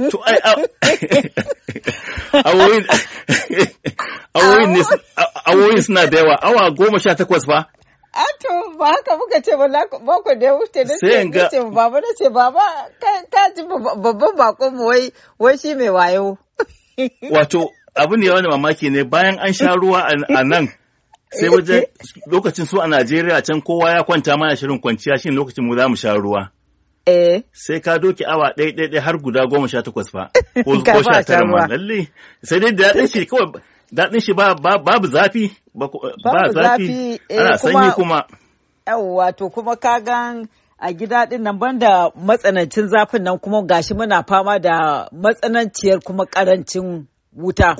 To a suna da yawa awa goma sha takwas A Ato ba haka muka ce ba, ku da ya wuce da ce baba na ce ba, ka ji babban bakon mu wai shi mai wayo. Wato abu ne wani mamaki ne bayan an sha ruwa a nan sai wajen lokacin su a Najeriya can kowa ya kwanta mana shirin kwanciya shi lokacin mu za mu sha ruwa. Eh. Sai ka doki awa ɗaya ɗaya ɗaya har guda goma sha takwas fa. Ko sha tara ma lalle. Sai dai da ɗan shi kawai daɗin shi babu zafi ba zafi eh, ana sanyi kuma yawwa to kuma ka gan a gida ɗin nan banda matsanancin zafin nan kuma gashi muna fama da matsananciyar kuma ƙarancin wuta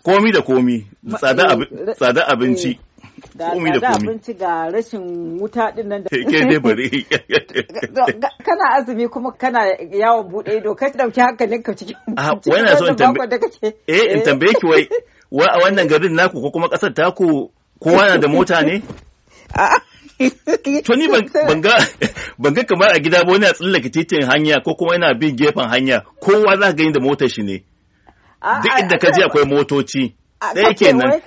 komi da komi tsada eh, abinci eh, Kumi da kumi. ga rashin wuta din nan da. Ke dai bari. Kana azumi kuma kana yawon buɗe ido ka ɗauki hankalin ka cikin. Ah, wannan so in tambaye. Eh, in tambaye ki wai wannan garin naku ko kuma ƙasar taku kowa na da mota ne? Ah. To ni ban ga kamar a gida ba wani a tsallaka titin hanya ko kuma yana bin gefen hanya kowa za ka gani da motar shi ne. Ah, Duk inda ka eh, je akwai motoci. ɗaya kenan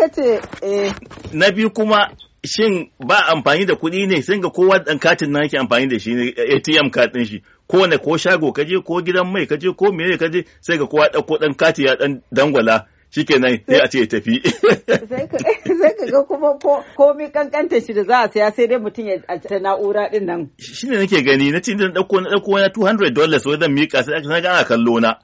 eh. na biyu kuma shin ba amfani da kuɗi ne sun ga kowa ɗan katin na yake amfani da shi ne ATM katin shi ko ne ko shago ka je, ko gidan mai ka je, ko mene je, sai ga kowa ɗauko ɗan kati ya ɗan dangwala shikenan sai a ce tafi sai ka ga kuma komi kankanta shi da za a saya sai dai mutum ya ta na'ura din nan ne nake gani na ce dan ɗauko na ɗauko na 200 dollars wai zan mika sai ga ana kallo na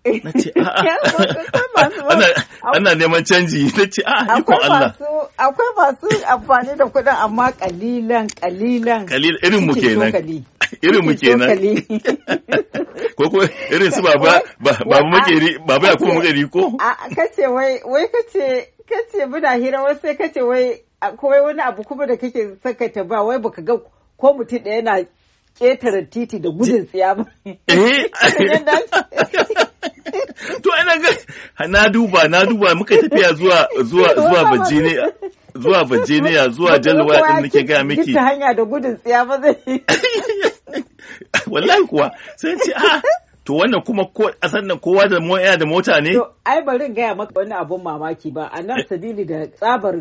na ce ana neman canji na ce a ah, ko Allah akwai masu amfani da kuɗin amma kalilan kalilan kalilan irin mu kenan irin mu kenan ko ko irin su baba baba makeri babu ya kuma makeri ko a kace wai wai kace kace muna hira wai sai kace wai akwai wani abu kuma da kake saka ta ba wai baka ga ko mutum da yana ƙetare titi da gudun tsiya ba eh to ana ga na duba na duba muka tafiya zuwa zuwa zuwa Bajine zuwa Bajine ya zuwa Delaware din nake ga miki ta hanya da gudun tsiya ba zai wallahi kuwa sai ce a ah, to wannan kuma ko a sannan kowa da mota ne to ai bari ga gaya maka wani abun mamaki ba a sabili da tsabar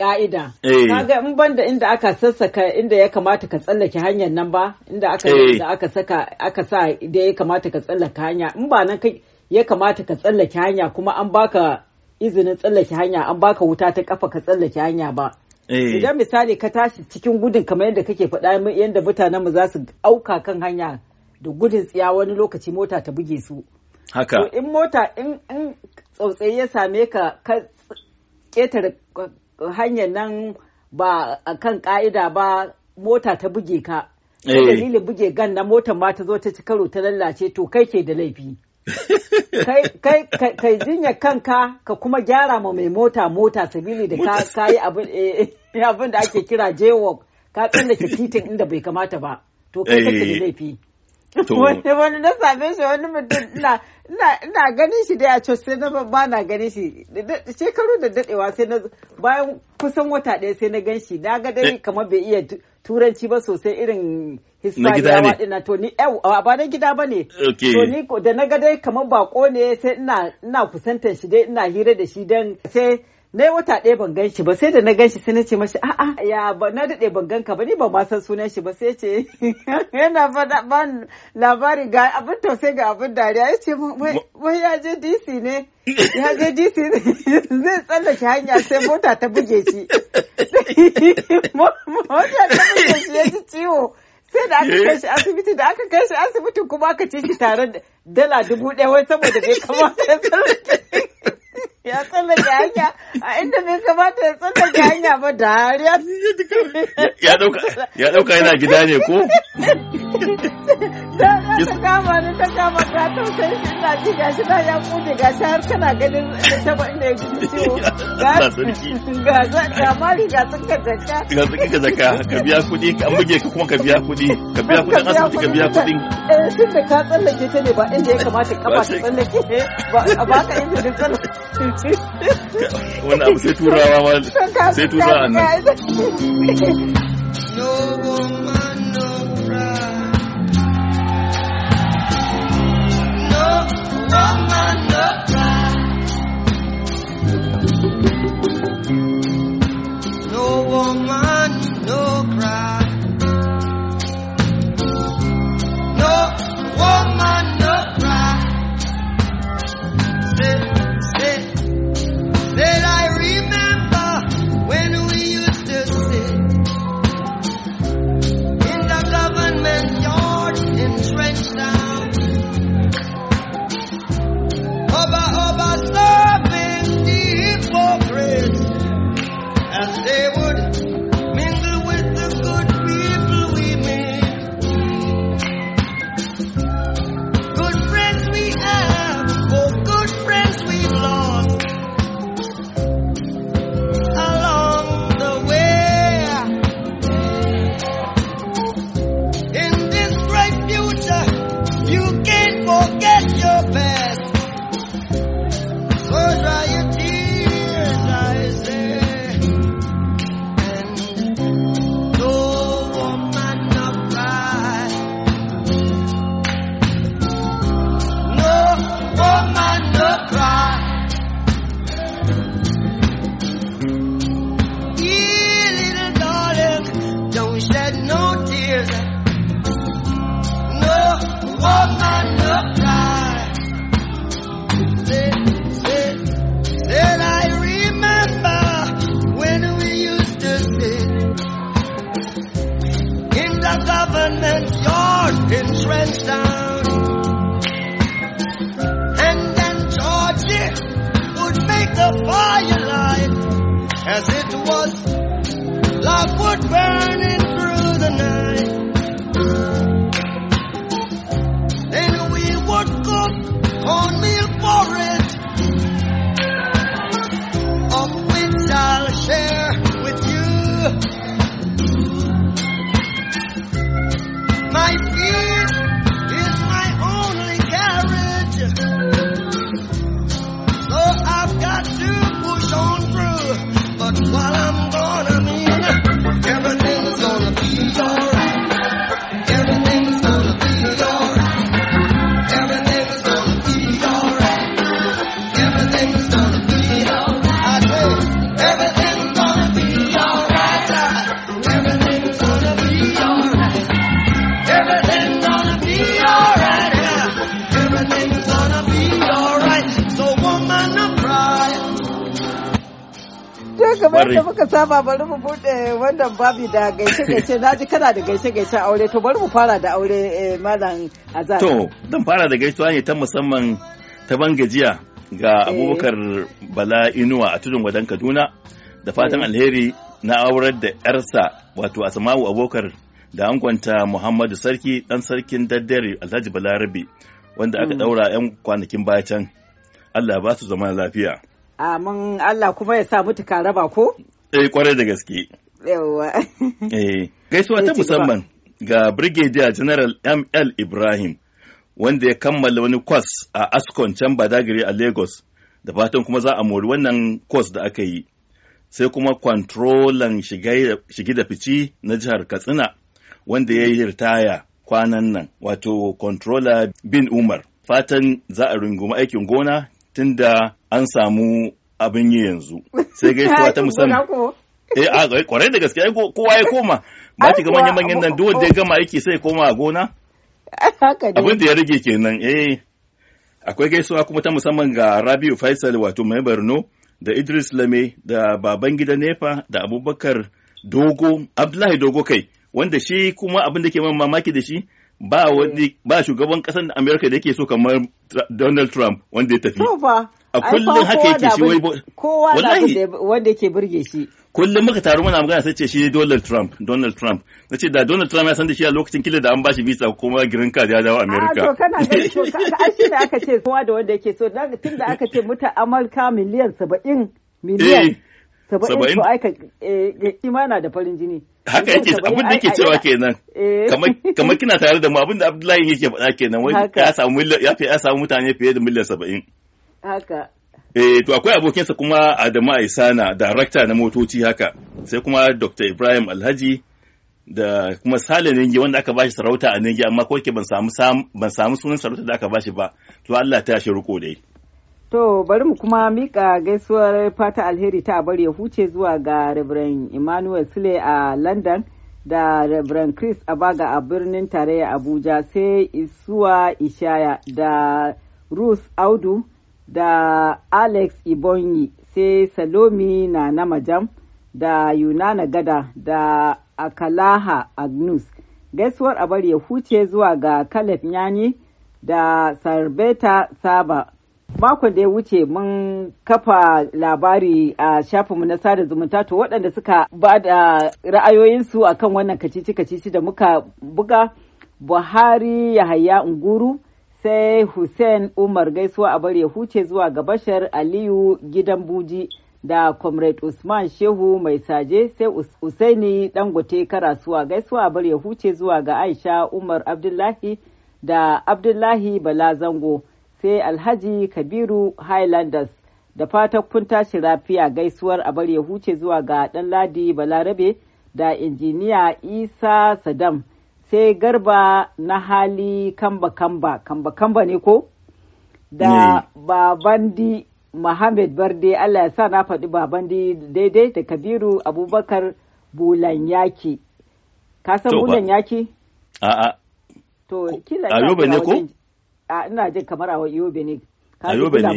ka'ida. Eh. Kaga in banda inda aka sassaka inda ya kamata ka tsallake hanyar nan ba inda aka eh. da aka saka aka sa da ya kamata ka tsallake hanya in ba nan kai ya kamata ka tsallake hanya kuma an baka izinin tsallake hanya an baka wuta ta kafa ka tsallake hanya ba. Eh. Idan misali ka tashi cikin gudun kamar yadda kake faɗa yadda mutanenmu za su auka kan hanya da gudun tsiya wani lokaci mota ta buge su. Haka. in mota in tsautsayi ya same ka ka ketare hanyar nan ba a kan ka'ida ba mota ta buge ka eh. dalilin buge gan na motar ma ta zo ta ci karo ta lallace to kai ke da laifi kai jinya kanka ka kuma gyara ma mai mota mota sabili da ka yi eh, abin da ake kira jaywalk ka tsallake titin inda bai kamata ba to kai kake da eh. laifi wani na same shi wani mutum ina ina ganin shi dai a cos sai na ba na ganin shi shekaru da dadewa sai na bayan kusan wata ɗaya sai na gan shi na ga dai eh. kamar bai iya turanci ba sosai irin hispaniyawa ina to ni ba na gida ba ne to ni da na ga dai kamar bako ne sai ina kusantar shi dai ina hira da shi dan sai na yi wata ɗaya ban ganshi ba sai da na ganshi sai na ce mashi a'a ya ba na daɗe ban ganka ba ni ba ma san sunan shi ba sai ce yana faɗa ba labari ga abin tausayi ga abin dariya ya ce wai ya je DC ne ya je DC zai tsallake hanya sai mota ta buge shi mota ta buge shi ya ji ciwo sai da aka kai shi asibiti da aka kai shi asibiti kuma aka ci shi tare dala dubu ɗaya wai saboda bai kamata ya tsallake ya tsallake hanya a inda bai kamata ya tsallake hanya ba da har ya ya dauka yana gida ne ko ta kama ni ta kama ta tausayi shi ina ji gashi na ya kuje gashi har kana ganin taba inda ya gudu ciwo ga ga mari ga tsaka zaka ga tsaka zaka ka biya kudi ka buge ka kuma ka biya kudi ka biya kudin asibiti ka biya kudin eh tun da ka tsallake ta ne ba inda ya kamata kafa ta tsallake ba ba ka inda ka tsallake No woman, no turawa ma sai turawa nan woman, to kamar da muka saba bari mu bude wannan babi da gaishe gaishe na ji kana da gaishe gaishe aure to bari mu fara da aure eh, malam azar to dan fara da gaishe ne ta musamman ta bangajiya ga eh. abubakar bala inuwa a tudun wadan kaduna da fatan eh. alheri na aurar da yarsa wato asma'u abokar da angwanta muhammadu sarki dan sarkin daddare alhaji balarabe wanda aka daura mm. yan kwanakin bayan allah ba su zama lafiya Amin Allah kuma ya sa mutu raba ko? Eh kwarai da gaske. Yawwa. Eh gaisuwa ta musamman ga Brigadier General ML Ibrahim wanda ya kammala wani kwas a Ascon can Badagiri a Lagos da fatan kuma za a mori wannan kwas da aka yi. Sai kuma kwantrolan shigi da fici na jihar Katsina wanda ya yi ritaya kwanan nan wato controller bin Umar. Fatan za a rungumi aikin gona tunda an samu abin yi yanzu sai gaisuwa ta musamman eh a eh, kwarai da gaske ai kowa ya koma ba ki ga manyan manyan nan duk wanda ya gama aiki sai ya koma a gona abin da ya rage kenan eh akwai gaisuwa kuma ta musamman ga Rabiu Faisal wato mai Borno da Idris Lame da baban Babangida Nefa da Abubakar Dogo Abdullahi Dogo kai wanda shi kuma abin da ke man mamaki da shi ba wani ba shugaban kasar Amerika da yake so kamar Donald Trump wanda ya tafi a kullum haka yake shi wai kowa wanda yake burge shi kullum muka taru muna magana sai ce shi Donald Trump Donald Trump nace da Donald Trump ya san da shi a lokacin kila da an bashi visa kuma green card ya dawo America to kana ganin to shi ne aka ce kowa da wanda yake so tun da aka ce muta amalka miliyan 70 miliyan saba'in eh, to aika eh, eh, imana da farin jini haka yake abin da yake cewa kenan kamar kina tare da mu abin da Abdullahi yake faɗa kenan wai ya samu ya samu mutane fiye da miliyan saba'in haka eh to akwai abokinsa kuma Adamu Aisana darakta na motoci haka sai kuma Dr Ibrahim Alhaji da kuma Sale Ningi wanda aka bashi sarauta a Ningi amma ko ke ban samu sunan sarauta da aka bashi ba to Allah ta shi riko dai To bari mu kuma mika gaisuwar fata alheri ta bari ya huce zuwa ga Reverend Emmanuel Sule a London da Reverend Chris Abaga a birnin tarayya Abuja sai Isuwa Ishaya da Ruth Audu da alex ibonyi sai salomi na namajam da yunana gada da akalaha agnus gaisuwar a bari ya huce zuwa ga Caleb nyani da sarbeta saba makon da ya wuce mun kafa labari a shafinmu na sada zumunta to waɗanda suka ba da ra'ayoyinsu akan wannan kacici-kacici da muka buga buhari yahaya unguru sai hussein umar gaisuwa a bare huce zuwa ga bashar aliyu gidan buji da comrade usman shehu mai saje sai usaini dangote karasuwa gaisuwa a bare huce zuwa ga aisha umar abdullahi da abdullahi bala zango sai alhaji kabiru highlanders da fatan kun tashi rafiya gaisuwar a bare huce zuwa ga Danladi balarabe da injiniya isa sadam sai garba na hali kamba-kamba kamba-kamba ne ko da babandi Muhammad Barde Allah ya sa na faɗi babandi daidai da Kabiru Abubakar Bulanyaki. Ka san Bulanyaki? a To, kila ne ko? A ina jin kamar a Yobe ne. ayo ba ne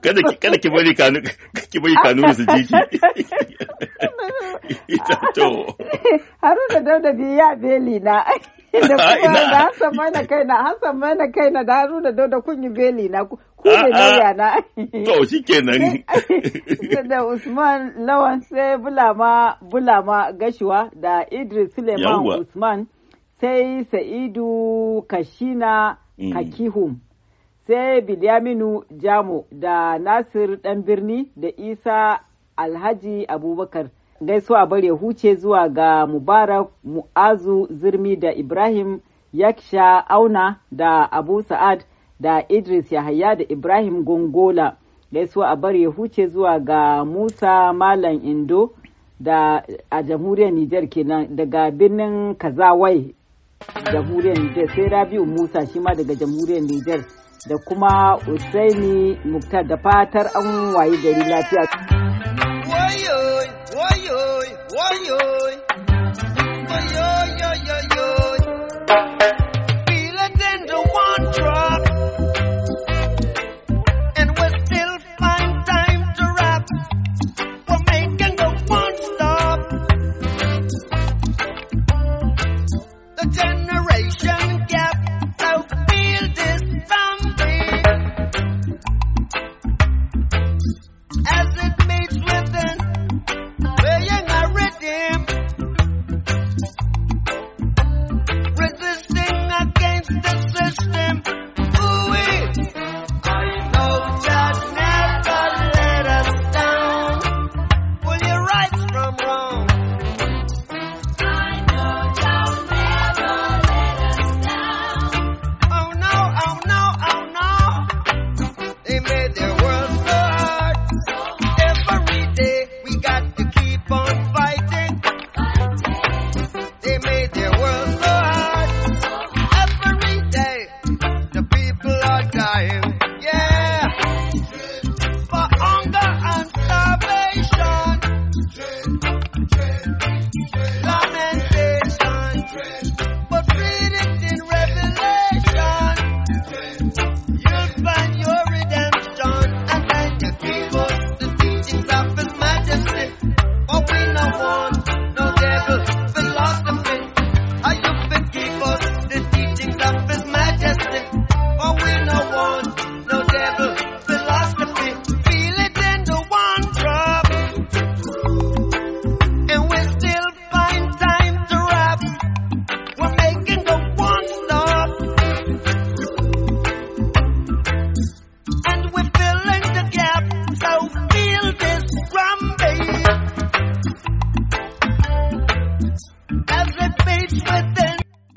kada ki bari kanu ki bari kanu su jiki to haruna dauda bi ya beli na da kuma da Hassan mana kai na, Hassan mana kai na, da Haruna Dauda kun yi beli na ku ne lauya na to shikenan da Usman Lawan sai Bulama Bulama Gashuwa da Idris Suleiman Usman sai sa'idu kashina mm. kakihum sai bilyaminu jamo da nasir dan birni da isa alhaji abubakar gaisuwa bare huce zuwa ga mubarak mu'azu zirmi da ibrahim yaksha auna da abu sa'ad da idris yahaya da ibrahim gongola gaisuwa a bare huce zuwa ga musa malam indo da a jamhuriyar nijar kenan daga birnin kazawai jamhuriyar Nijar sai Rabiu Musa shi ma daga jamhuriyar Nijar da kuma Usaini Muktar da fatar an waye gari lafiya.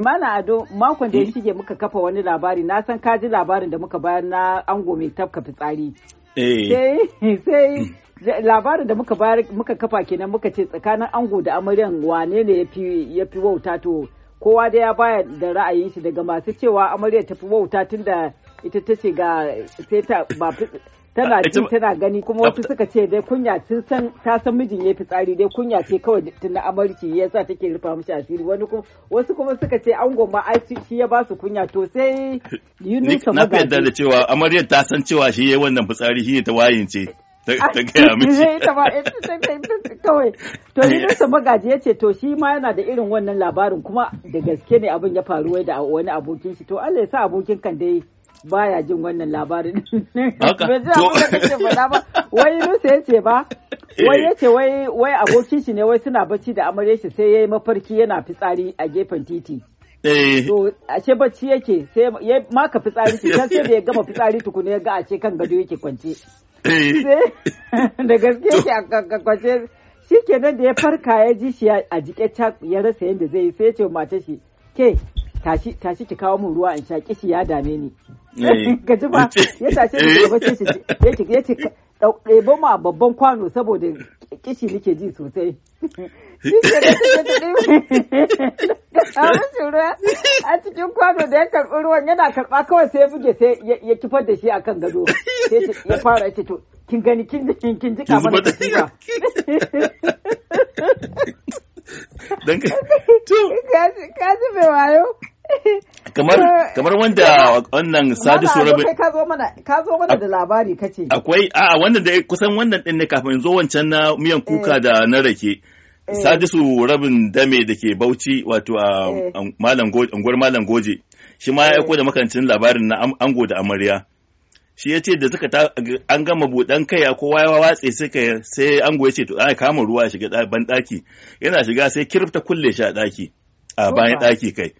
Mana Ado makon da ya eh? shige muka kafa wani labari na san ka ji labarin da muka bayar na ango mai tafka fitsari. Eh. Sai hmm. labarin da muka bayar muka kafa kenan muka ce tsakanin ango da amaryan wane ne ya fi wauta to kowa da ya baya da ra'ayin shi daga masu cewa amarya ta fi wauta tunda ita ta ce ga sai ta tana ji tana gani kuma wasu suka ce dai kunya sun san ta san mijin ya fi tsari dai kunya ce kawai tun amarci ya sa take rufa mishi asiri wani kuma wasu kuma suka ce an goma ai shi ya ba su kunya to sai Yunus na yadda da cewa amaryar ta san cewa shi yayi wannan fitsari shi ne ta wayince ah, ta gaya eh, mishi kawai to Yunus magaji ya ce to shi ma yana da irin wannan labarin kuma da gaske ne abin ya faru da wani abokin shi to Allah ya sa abokin kan dai baya jin wannan labarin ba wai nusa ya ce ba eh. wai ya ce wai abokin shi ne wai suna bacci da amarya shi sai ya yi mafarki yana fitsari a gefen titi eh. To ashe bacci yake sai ya maka fitsari shi kan sai da ya gama fitsari tukuna ya ga ashe kan gado yake kwance. Eh. Da gaske yake a kwance shi kenan da ya farka ya ji shi a jike ya rasa yadda zai yi sai ya ce mace shi ke tashi ki kawo min ruwa in sha kishi ya dame ni. Eh. ka ji ba ya sace da gaba ce ce ya ce ɗebo ma babban kwano saboda kishi nake ji sosai a cikin kwano da ya karɓi ruwan yana karɓa kawai sai ya buge sai ya kifar da shi a kan gado sai ya fara ya ce to kin gani kin ji kin ji kamar da shi dan ka ka ji mai wayo kamar eh, kamar wanda wannan sadisu rabin. ka zo mana ka zo mana da labari kace akwai a wannan da kusan wannan din ne kafin zo wancan na miyan eh. kuka da na rake eh. sadisu rabin dame da ke bauchi wato a ungwar malam goje shi ma ya aiko da makancin labarin na ango da amarya shi ya ce da suka ta an gama buɗan kai a kowa ya watse suka sai ango ya ce to ai kama ruwa ya shiga ban daki yana shiga sai kirfta kulle shi a daki a bayan daki kai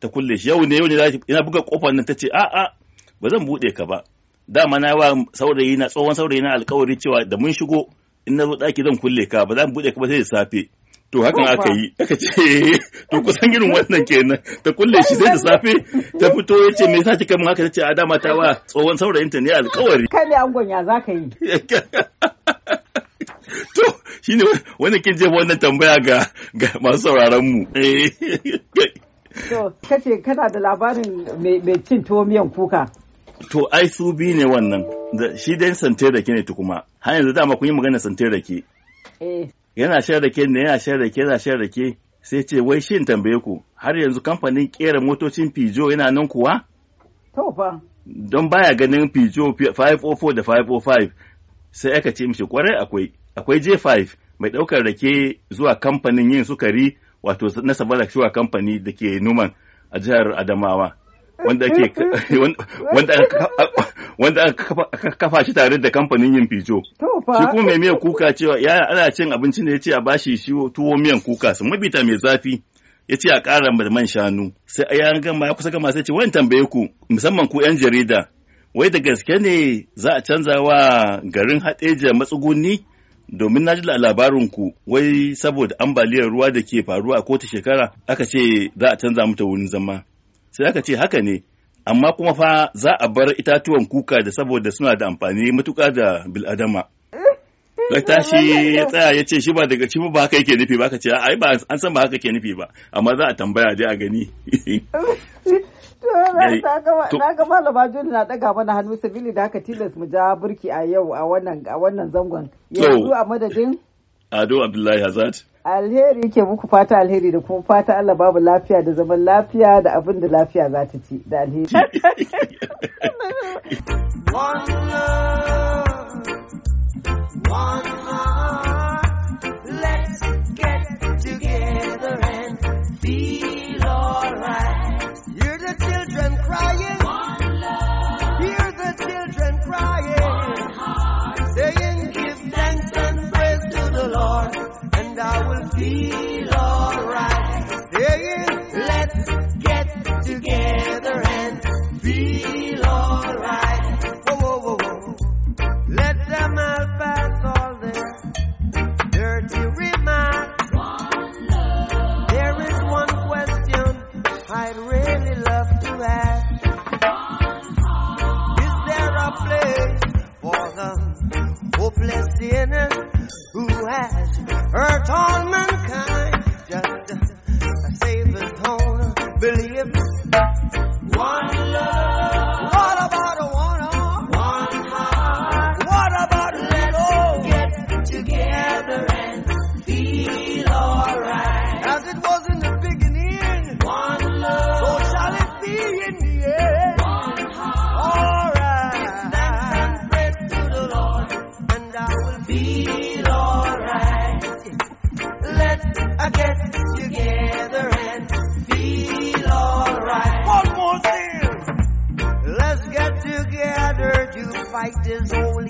ta kulle shi yau ne yau ne ina buga kofar nan ta ce a a ba zan buɗe ka ba dama na wa saurayi na tsohon saurayi na alkawari cewa da mun shigo in na zo daki zan kulle ka ba zan buɗe ka ba sai da safe to hakan aka yi aka ce to kusan irin wannan kenan ta kulle shi sai da safe ta fito ya ce me yasa kika mun haka tace a dama ta wa tsohon saurayinta ne alkawari kai ne angon ya zaka yi to shine wani kin je wannan tambaya ga masu sauraron mu eh. To, kace kana da labarin mai cin tuwo miyan kuka. To, ai su biyu ne wannan. Shi dai santai rake ne kuma. Har yanzu dama kun yi magana santai rake. Eh. Yana shan rake ne, yana shan rake, yana shan rake. Sai ce, wai shi tambaye ku, har yanzu kamfanin kera motocin Pijo yana nan kuwa? To fa. Don baya ganin Pijo 504 da 505 sai aka ce mishi kwarai akwai. Akwai J5 mai ɗaukar rake zuwa kamfanin yin sukari wato na sabara shuwa kamfani da ke numan a jihar adamawa wanda aka kafa shi tare da kamfanin yin fijo shi kuma mai miyan kuka cewa ya ana cin abinci ne ya ce a bashi shi tuwo miyan kuka su mabita mai zafi ya ce a ƙara da shanu sai a yan gama ya kusa gama sai ce wani tambaye ku musamman ku yan jarida wai da gaske ne za a canza wa garin haɗeja matsuguni domin na ji labarin ku wai saboda ambaliyar ruwa da ke faruwa a kowace shekara aka ce za a canza mata wurin zama sai aka ce haka ne amma kuma fa za a bar itatuwan kuka da saboda suna da amfani matuka da bil'adama ya tashi ya tsaya ya ce shi ba daga cikin ba haka yake nufi ba ka ce ai ba an san ba haka ke nufi ba amma za a tambaya dai a gani Na ga malama Juli na ɗaga mana hannu sabili da haka tilas mu ja burki a yau a wannan zangon. Yanzu a madadin? Ado Abdullahi Hazard. Alheri ke muku fata alheri da kuma fata Allah babu lafiya da zaman lafiya da abin da lafiya za ta ci da alheri. let's get together and feel alright. children crying. Hear the children crying. Saying, Give thanks and praise to the Lord, and I will feel all. is only